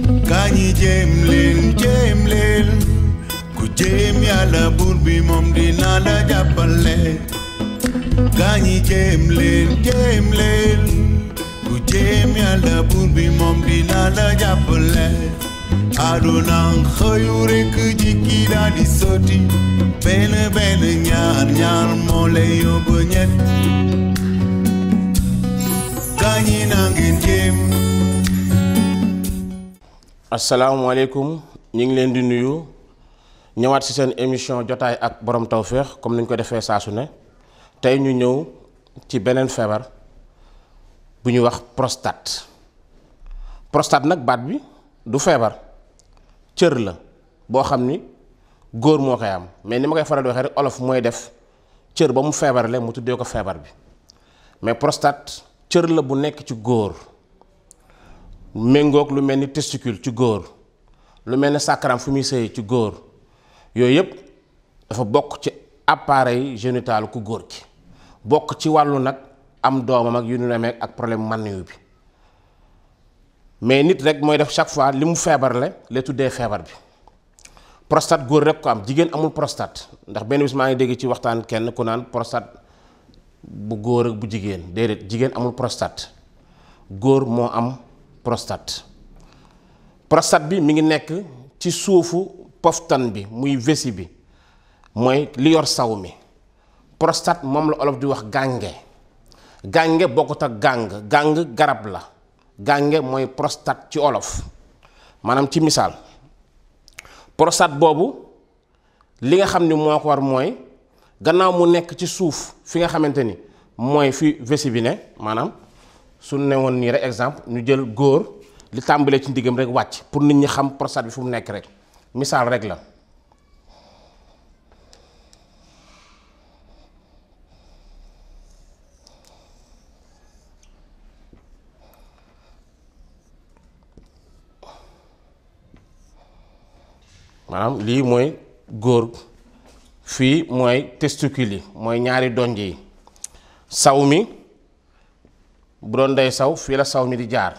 Gani jéem leen jéem leen ku jéem yàlla buur bi moom dina la jàppale gaañi jéem leen jéem leen ku jéem yàlla buur bi moom dina la jàppale aduna xëyu rekk jikki di sotti benn benn ñaar ñaar moo lay yóbbu ñett asalaamaaleykum ñu ngi leen di nuyu ñëwaat ci seen émission jotaay ak borom tawféex comme ni ñu ko defee saasu ne tey ñu ñëw ci beneen feebar bu ñu wax prostate prostate nag baat bi du feebar cër la boo xam ni góor moo koy am mais ni ma koy faral di waxee rek olof mooy def cër ba mu feebarle mu tuddee ko feebar bi mais prostate cër la bu nekk ci góor. méngook lu mel ni testicule ci góor lu mel ni sacrum fu muy sëy ci góor yooyu yëpp dafa bokk ci appareil génital ku góor ki bokk ci wàllu nag am doomam ak yu nu meeg ak problème mànniwu bi mais nit rek mooy def chaque fois li mu feebar la la tuddee feebar bi prostate góor rek ko am jigéen amul prostate ndax benn bis maa ngi dégg ci waxtaan kenn ku naan prostate bu góor ak bu jigéen déedéet jigéen amul prostate góor moo am prostate prostate bi mu ngi nekk ci suufu poftan bi muy vessie bi mooy li yor saw mi prostate moom la olof di wax gànge gànge bokkut ak gàng gàng garab la gànge mooy prostate ci olof maanaam ci misaal prostate boobu li nga xam ni moo ko war mooy gannaaw mu nekk ci suuf fi nga xamante ni mooy fi vessie bi ne maanaam su newoon nii rek exemple ñu jël góor li tàmbalee ci ndiggam rek wàcc pour nit ñi xam prostate bi fu mu nekk rek misaal rek la maanaam lii mooy góor fii mooy testicule yi mooy ñaari donj yi saw mi bu doon day saw fii la saw mi di jaar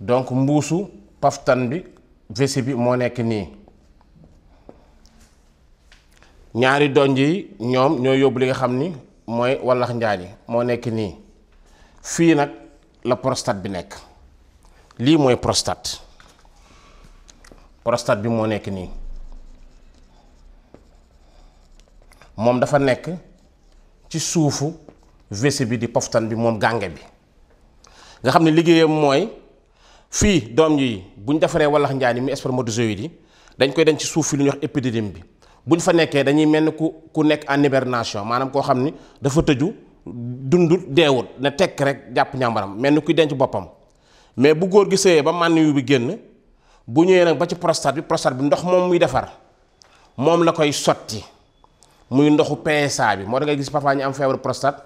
donc mbuusu paftan bi vessie bi moo nekk nii ñaari donj yi ñoom ñoo yóbbu li nga xam ni mooy wallax njaan yi moo nekk nii fii nag la prostate bi nekk lii mooy prostate porostat bi moo nekk nii moom dafa nekk ci suufu vessi bi di poftan bi mom gangé bi nga xam ne moy fi dom doom yi buñ défaré walax njaani mi spermatozoïde yi dañ koy dañ ci souf fi ñu wax épididyme bi buñ fa nekké dañuy melni ku ku nekk en hibernation manam ko xamni dafa teju dundut deewut na tek rek japp ñambaram melni ku denc bopam mais bu goor gi sëyee ba man yu bi génn bu ñëwé nak ba ci prostate bi prostate bi ndox mom muy défar mom la koy soti muy ndoxu PSA bi mo da nga gis papa ñi am fièvre prostate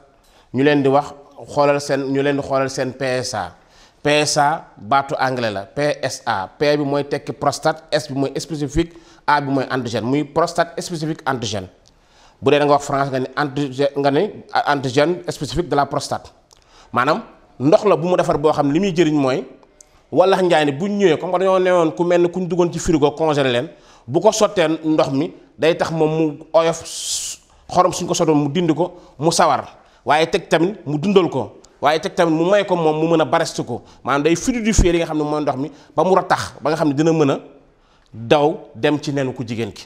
ñu leen di wax xolal sen ñu leen di xolal sen PSA PSA batu anglais la PSA P bi moy tek prostate S bi moy spécifique A bi moy antigène muy prostate spécifique antigène bu de nga wax France nga ni antigène nga ni antigène spécifique de la prostate manam ndox la bu mu defar bo xam limi muy jëriñ mooy wala ni bu ñëwé ko comme dañoo ku melni kuñ dugon ci frigo congelé leen bu ko soté ndox mi day tax mom mu oyof xorom suñ ko sotoon mu dindiko mu sawar waaye teg tamit mu dundal ko waaye teg tamit mu may ko moom mu mën a barestu ko maanaam day fluidifier yi nga xam ne mooy ndox mi ba mu ratax ba nga xam ne dina mën a daw dem ci nenu ko jigéen ki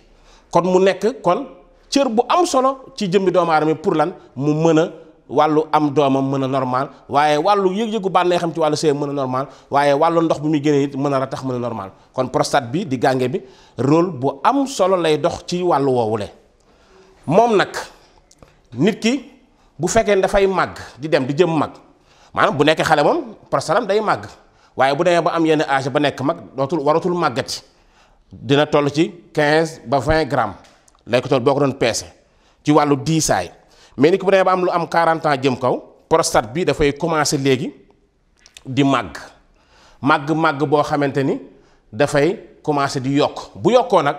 kon mu nekk kon cër bu am solo ci jëmbi doomu aadama pour lan mu mën a wàllu am doomam mën a normal waaye wàllu yëg-yëgu bànnee xam ci wàllu sëy mën a normal waaye wàllu ndox bi muy génnee it mën a ratax mën a normal kon prostate bi di gànge bi rôle bu am solo lay dox ci wàllu woowule moom nag nit ki bu fekkee ne dafay màgg di dem di jëm mag maanaam bu nekkee xale moom prostatam day màgg waaye bu demee ba am yenn âge ba nekk mag dootul waratul màggati dina toll ci quinze ba vingt gramme lay ko toll boo ko doon peese ci wàllu diisaay mais ni ko bu demee ba am lu am quarante ans jëm kaw prostate bi dafay commencer léegi di màgg màgg màgg boo xamante ni dafay commencer di yokk bu yokkoo nag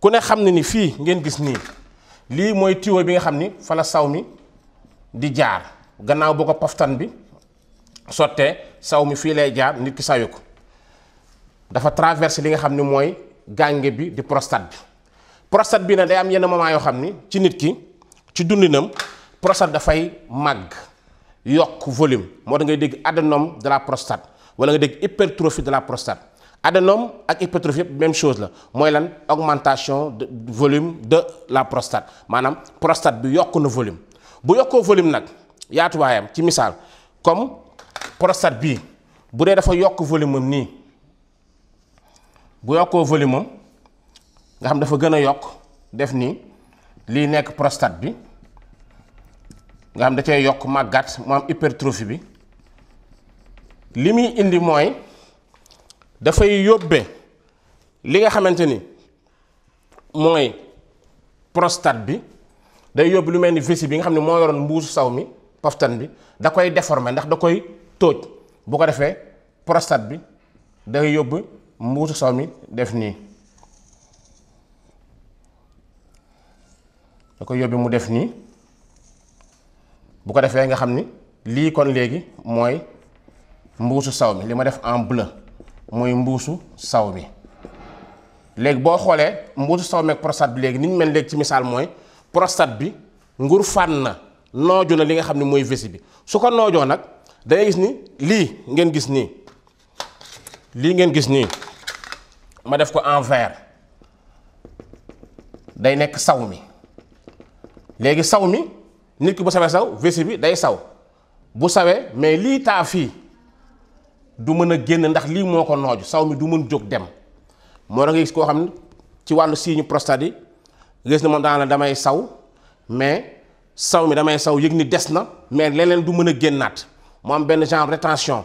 ku ne xam ne ni fii ngeen gis nii lii mooy tuyau bi nga xam ni fa saw mi di jaar gannaaw bu ko paftan bi soté saw mi nit ki sayuko dafa traversé li nga xamni ni gangé bi di prostate bi prostate bi nag day am yenn moment yo xamni ci nit ki ci dundinam prostate fay mag, yok volume Mo da ngay dégg adénome de la prostate wala nga hypertrophie de la prostate adénome ak hypertrophie même chose la moy lan augmentation de volume de la prostate manam prostate bi yok na volume bu yokkoo volume nag yaatuwaayam ci misaal comme prostate bii bu dee dafa yokk volume am nii bu yokkoo volume nga xam dafa gën a yokk def nii lii nekk prostate bi nga xam da cee yokk màggat mu am bi li muy indi mooy dafay yóbbe li nga xamante ni mooy prostate bi day yóbbu lu mel ni vessie bi nga xam ne moo yoroon mbuusu saw mi poftan bi da koy déformer ndax da koy tóoj bu ko defee prostate bi day yóbbu mbuusu saw mi def nii da ko yóbbi mu def nii bu ko defee nga xam ni lii kon léegi mooy mbuusu saw mi li ma def en mooy mbuusu saw mi léegi boo xoolee mbuusu saw mi ak prostate bi léegi ni ñu mel léegi ci misaal mooy prostate bi ngur fan na nojo na li nga xamni moy vessie bi su ko nojo nak da ngay gis ni li ngeen gis ni li ngeen gis ni ma def ko en vert day nek sawmi mi sawmi nit ki bu sawé saw vessie bi day saw bu sawé mais li ta fi du meuna genn ndax li moko ko sawmi du meun jog dem mo ra ngay gis ko xamni ci walu signe prostate gis na moom daana damay saw mais saw mi damay saw yëg ni des na mais leneen du meuna a mo am ben genre rétention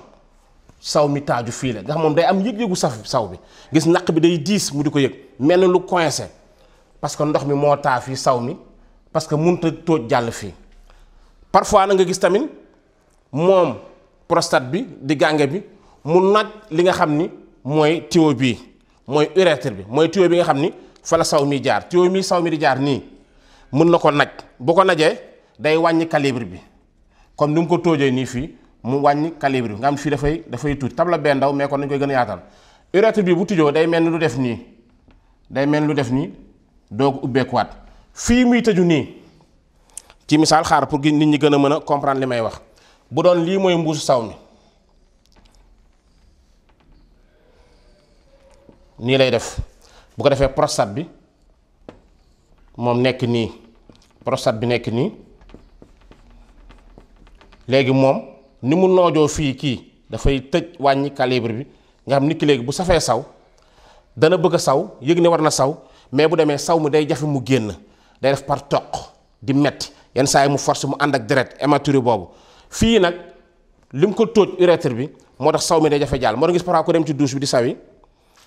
saw mi taaju fi la nga xam moom day am yeg yegu saf saw bi gis nak bi day diis mu diko yeg yëg mel lu coincé parce que ndox mi mo ta fi saw mi parce que mënut a tóoj jàll fii parfois na nga gis tamine mom prostate bi di gangé bi mu naj li nga xamni moy mooy bi moy urètre bi moy tuyau bi nga xamni fa la sawmi mi jaar tuyau mi saw di jaar ni mën na ko naj bu ko najé day wàññi calibre bi comme ni ko tojé ni fi mu wàññi calibre bi fi da fay da fay tout tabla ben ndaw mais kon nañ koy gëna yaatal urètre bi bu tijoo day mel lu def ni day mel lu def nii doog ubbeekuwaat fi muy tëju ni ci misal xaar pour nit ñi gëna mëna comprendre limay wax bu doon li moy mbusu sawmi ni lay def bu ko defé prostate bi mom nek ni prostate bi nek ni légui mom ni mu fi ki da fay tejj wañi calibre bi nga xam nit ki bu saw dana bëgg saw yegg ni war na saw mais bu démé saw mu day jafé mu génn day def par tok di metti yeen say mu force mu and ak deret hématurie bobu fi nak lim ko toj urètre bi motax saw mi day jafé jall mo tax gis para ko dem ci douche bi di sawi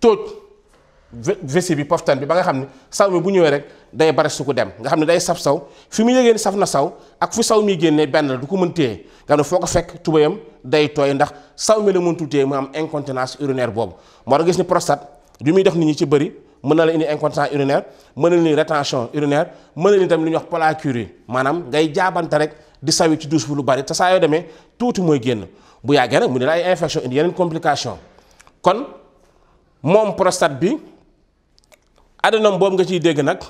tóoj vessie bi poftan bi ba nga xam ne saw mi bu ñëwee rek day bare su dem nga xam ne day saf saw fi mu yëgee ni saf na saw ak fu saw mi génnee benn la du ko mën téye nga xam ne foo ko fekk tubayam day tooy ndax saw mi la mëntul téye mu am incontinence urinaire boobu moo gis ni prostate li muy def nit ñi ci bëri mën na la indi incontinence urinaire mën na la indi mën na la tamit lu ñuy wax pollakiurie maanaam ngay jaabante rek di sawi ci douche bu lu bari te saa yoo demee tuuti mooy génn bu yàggee rek mu ne la ay infection yeneen complication kon mom prostate bi adénome boobu nga ci deg nak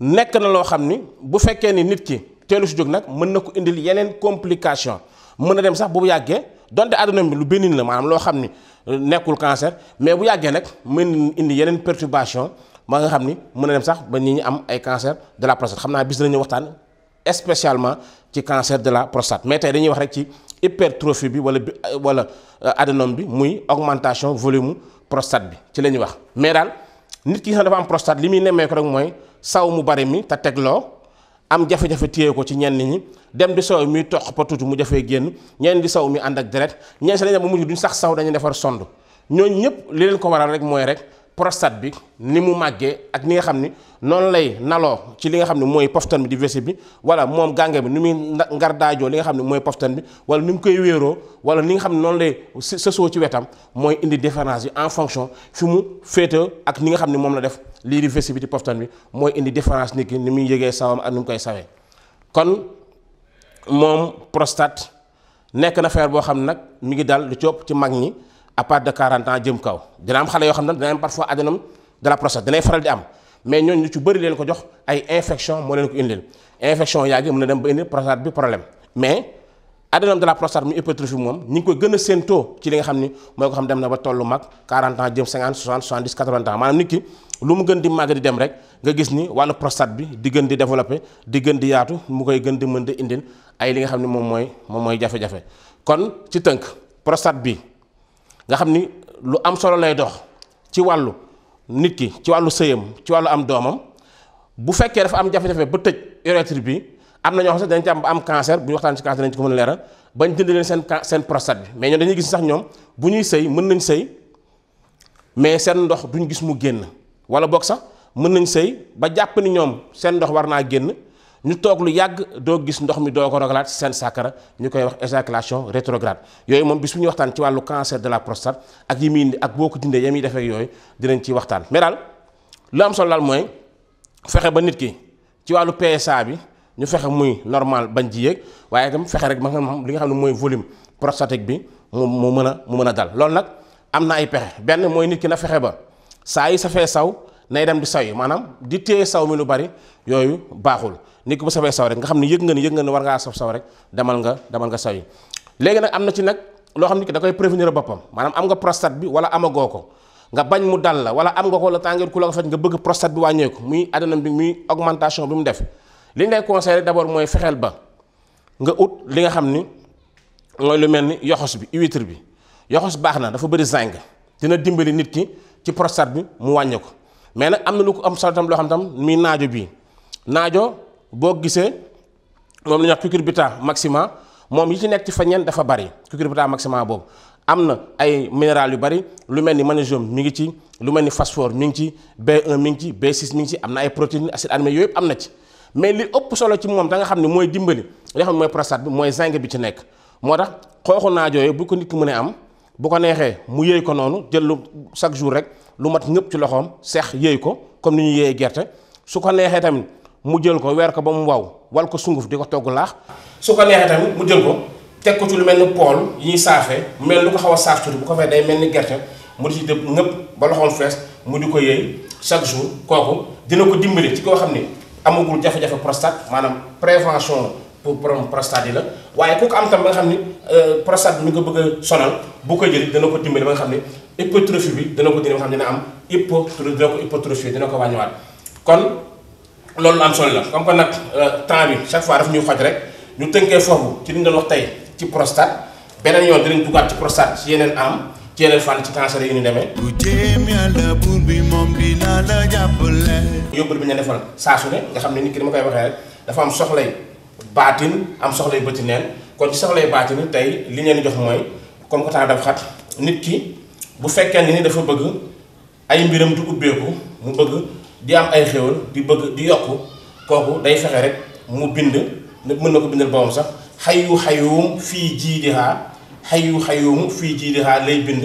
nek na lo xamni bu fekke ni nit ki telu su jog nak meun nako indil yenen complication meuna na dem sax bu yagge donte adénome bi lu bénin la manam lo xamni euh, nekul cancer mais bu yagge nak meun indi yenen perturbation ma nga xamni meuna dem sax ba nit ñi am ay cancer de la prostate xamna naa bis dinañu spécialement ci cancer de la prostate mais tay dañuy wax rek ci hypertrophie bi wala euh, wala euh, adénome bi muy augmentation volume prostate bi ci la ñuy wax mais daal nit ki nga xam dafa am prostate li muy nemmee ko rek mooy saw mu bari mi te tegloo am jafe-jafe téye ko ci ñenn ñi dem di saw muy toq pa tuuti mu jafee génn ñenn di saw mi ànd ak deret ñenn si lañ bu mujj duñ sax saw dañuy defar sond ñooñu ñëpp li leen ko waral rek mooy rek prostate bi ni mu màggee ak ni nga xamni non lay nalo ci li nga xamni moy mooy poftan bi di vessie bi wala mom gangé bi ni muy ngar li nga xamni moy mooy poftan bi wala ni koy wéro wala ni nga xamni non lay lay so ci wétam moy indi différence en fonction fi mu féetee ak ni nga xamni mom la def li di vessie bi di poftan bi moy indi différence nit ni muy yégué sawam ak ni mu koy sawé kon mom prostate nek na faire bo xam nak mi ngi dal lu ciop ci mag ñi à part de 40 ans jëm kaw dina am xale yo xamna dina am parfois adénome de la prostate dinay faral di am mais ñoo ñu ci bëri leen ko jox ay infection mo leen ko indil infection yàgg mën dem ba indi prostate bi problème mais adénome de la prostate mu hypertrophie moom ñi ngi koy gën a séentoo ci li nga xamni moy ko xam dem na ba tollu mag 40 ans jëm 50 60 70 80 ans manam nit ki lu mu gën di mag di dem rek nga gis ni wàllu prostate bi di gën di développer di gën di yaatu mu koy gën di mën di indil ay li nga xamni mom moy mooy moom mooy jafe kon ci teunk prostate bi nga xamni ni lu am solo lay dox ci walu nit ki ci walu sëyam ci walu am domam bu fekke dafa am jafé jafé ba tëj urètre bi am na ñoo xam sax dañ ci am am cancer bu waxtan ci cancer dañ ci ko mëna a bañ jënd leen sen sen prostate bi mais ñoo dañuy gis sax ñoom bu ñuy sey mën nañ sey mais sen ndox duñ gis mu génn wala bok sax mën nañ sey ba japp ni ñoom sen ndox warna génn Nous toog le yàgg de gis ndox mi se ko roglat sen wax éjaculation rétrograde yoy mom bis ñu ci cancer de la prostate ak yimi ak boku ko yami def ak yoy dinañ ci mais dal lu am solo fait moy fexé ba nit ki ci PSA bi ñu fexé normal bañ ji yéeg rek nga volume prostatique bi mo meuna mo meuna dal ay nit ki na ba nay dem di saw yi maanaam di téye saw mi lu bari yooyu baaxul nit ki bu safee saw rek nga xam ne yëg nga ni yëg nga ni war ngaa saf saw rek demal nga demal nga saw yi léegi nag am na ci nag loo xam ni ki da koy prévenir boppam maanaam am nga prostate bi wala amagoo ko nga bañ mu dal la wala am nga ko la tàngoor ku la ko faj nga bëgg prostate bi wàññeeku muy adenam bi muy augmentation bi mu def li ñu lay conseillé d'abord mooy fexeel ba nga ut li nga xam ni mooy lu mel ni yoxos bi huître bi yoxos baax na dafa bëri zinc dina dimbali nit ki ci prostate bi mu wàññeeku mais nak amna lu ko am solo lo xam tam mi naajo bi naajo bo gisee mom lañ wax cucurbita maxima mom yi ci nek ci fañeen dafa bari cucurbita maxima bob amna ay minéral yu bari lu melni ni magnésium mi ngi ci lu melni phosphore mi ngi ci B1 mi ngi ci B6 mi ngi ci amna ay protéines acides aminés yooyu amna ci mais li ëpp solo ci mom da nga xamni moy mooy dimbali nga xam moy prostate bi mooy zinc bi ci nek motax xoxu xooxu naajo bu ko nit ki mën am bu ko neexee mu yëy ko noonu jël lu chaque jour rek lu mat ñëpp ci loxoom seex yëy ko comme ni ñu yëyee gerte su ko neexee tamit mu jël ko weer ko ba mu waw wal ko sunguf di ko togg laax. su ko neexee tamit mu jël ko teg ko ci lu mel ni pool yi ñuy saafee mu mel lu ko xaw a saaf bu ko fee day mel ni gerte mu di ci dëpp ñëpp ba loxoom fees mu di ko yëy chaque jour kooku dina ko dimbali ci koo xam ni amagul jafe-jafe prostate maanaam prévention. pour borom prostate la waaye ku am tam ba nga xam ni euh, prostate mi ko bëgg a sonal bu ko jël dana ko dimbali ba nga xam ne hypertrophie bi dana ko dina nga xam ne dina am hypertrophie dina ko hypertrophie dina ko wàññiwaat kon loolu am solo la comme que nag euh, temps bi chaque fois daf ñuy xoj rek ñu tënkee foofu ci li nga wax tey ci prostate beneen yoon dinañ dugaat ci prostate ci yeneen am ci yeneen fànn ci cancer yi ñu demee. bu jéem yàlla buur bi moom dina la jàppale. yóbbal bi ñu defal saa su ne nga xam nit ki dama koy waxee dafa am soxla baatin am soxlay bëti neen kon ci soxlay baatin tey li ngeen jox mooy comme que temps dafa xat nit ki bu fekkee ni dafa bëgg ay mbiram du ubbeeku mu bëgg di am ay xéwal di bëgg di yokku kooku day fexe rek mu bind nit mën na ko bindal boppam sax xayu xayuum fii jiidihaa xayu xayuum fii jiidihaa lay bind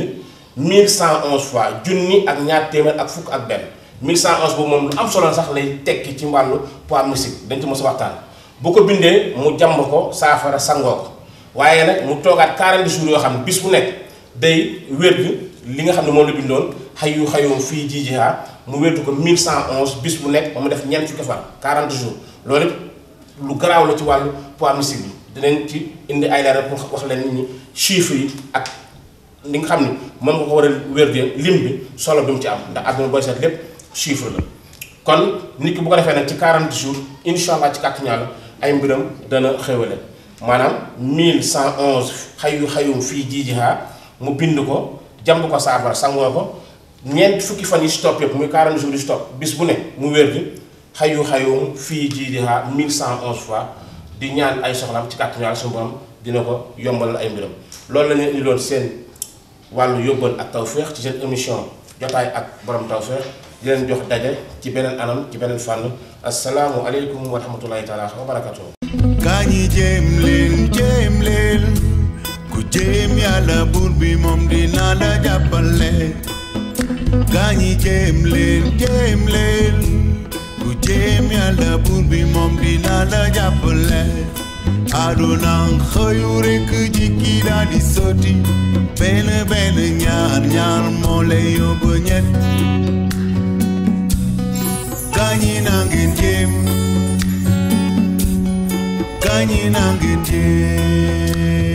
1111 fois junni ak ñaar téeméer ak fukk ak benn 1111 boobu moom lu am solo sax lay tekki ci wàllu poids musique dañ ci mos waxtaan bu bindé mu jàmb ko saafara sangoo ko waaye mu togat 40 jours yo xamne ne bis bu nekk day wérdu li nga xamne ne moom la bindoon hayu xayoom fii jiijia mu wérdu ko 1111 bis bu nekk mu def ñen ci fan 40 jours loolu lu graw la ci walu poids mystique bi dinañ ci indi ay leeral pour wax leen nit ñi chiffre yi ak li nga xamne ne nga ko wara a wérdee lim bi solo bi mu ci am ndax aduna boy seet lépp chiffre la kon nit ki bu ko defee nag ci 40 jours inshallah ci kàttu ñaala ay mbiram dana xéwale maanaam 1111 xayu xayum fii jii jiijihaa mu bind ko jàmb ko saafara sangoo ko ñeent fukki fan yi si topp yëpp muy 40 jours yi si bis bu ne mu wér di xayu xayum fii cent 1111 fois di ñaan ay soxlaam ci kàttu ñaan suñu borom dina ko yombalal ay mbiram loolu la ñu indiloon seen wàll yóbbal ak tawféex ci seen émission jotaay ak borom tawféex di leen jox daje ci beneen anam ci beneen fànn asalaamu aleykum wa rahmatullahi taala wa barakatuh kaa ñi jéem leen jéem leen ku jéem yàlla buur bi moom dina la jàppale jàppale aduna xëyu rekk jikki daa sotti benn benn ñaar ñaar moo lay yóbbu ñett kanyi nangen jem kanyi nangen jem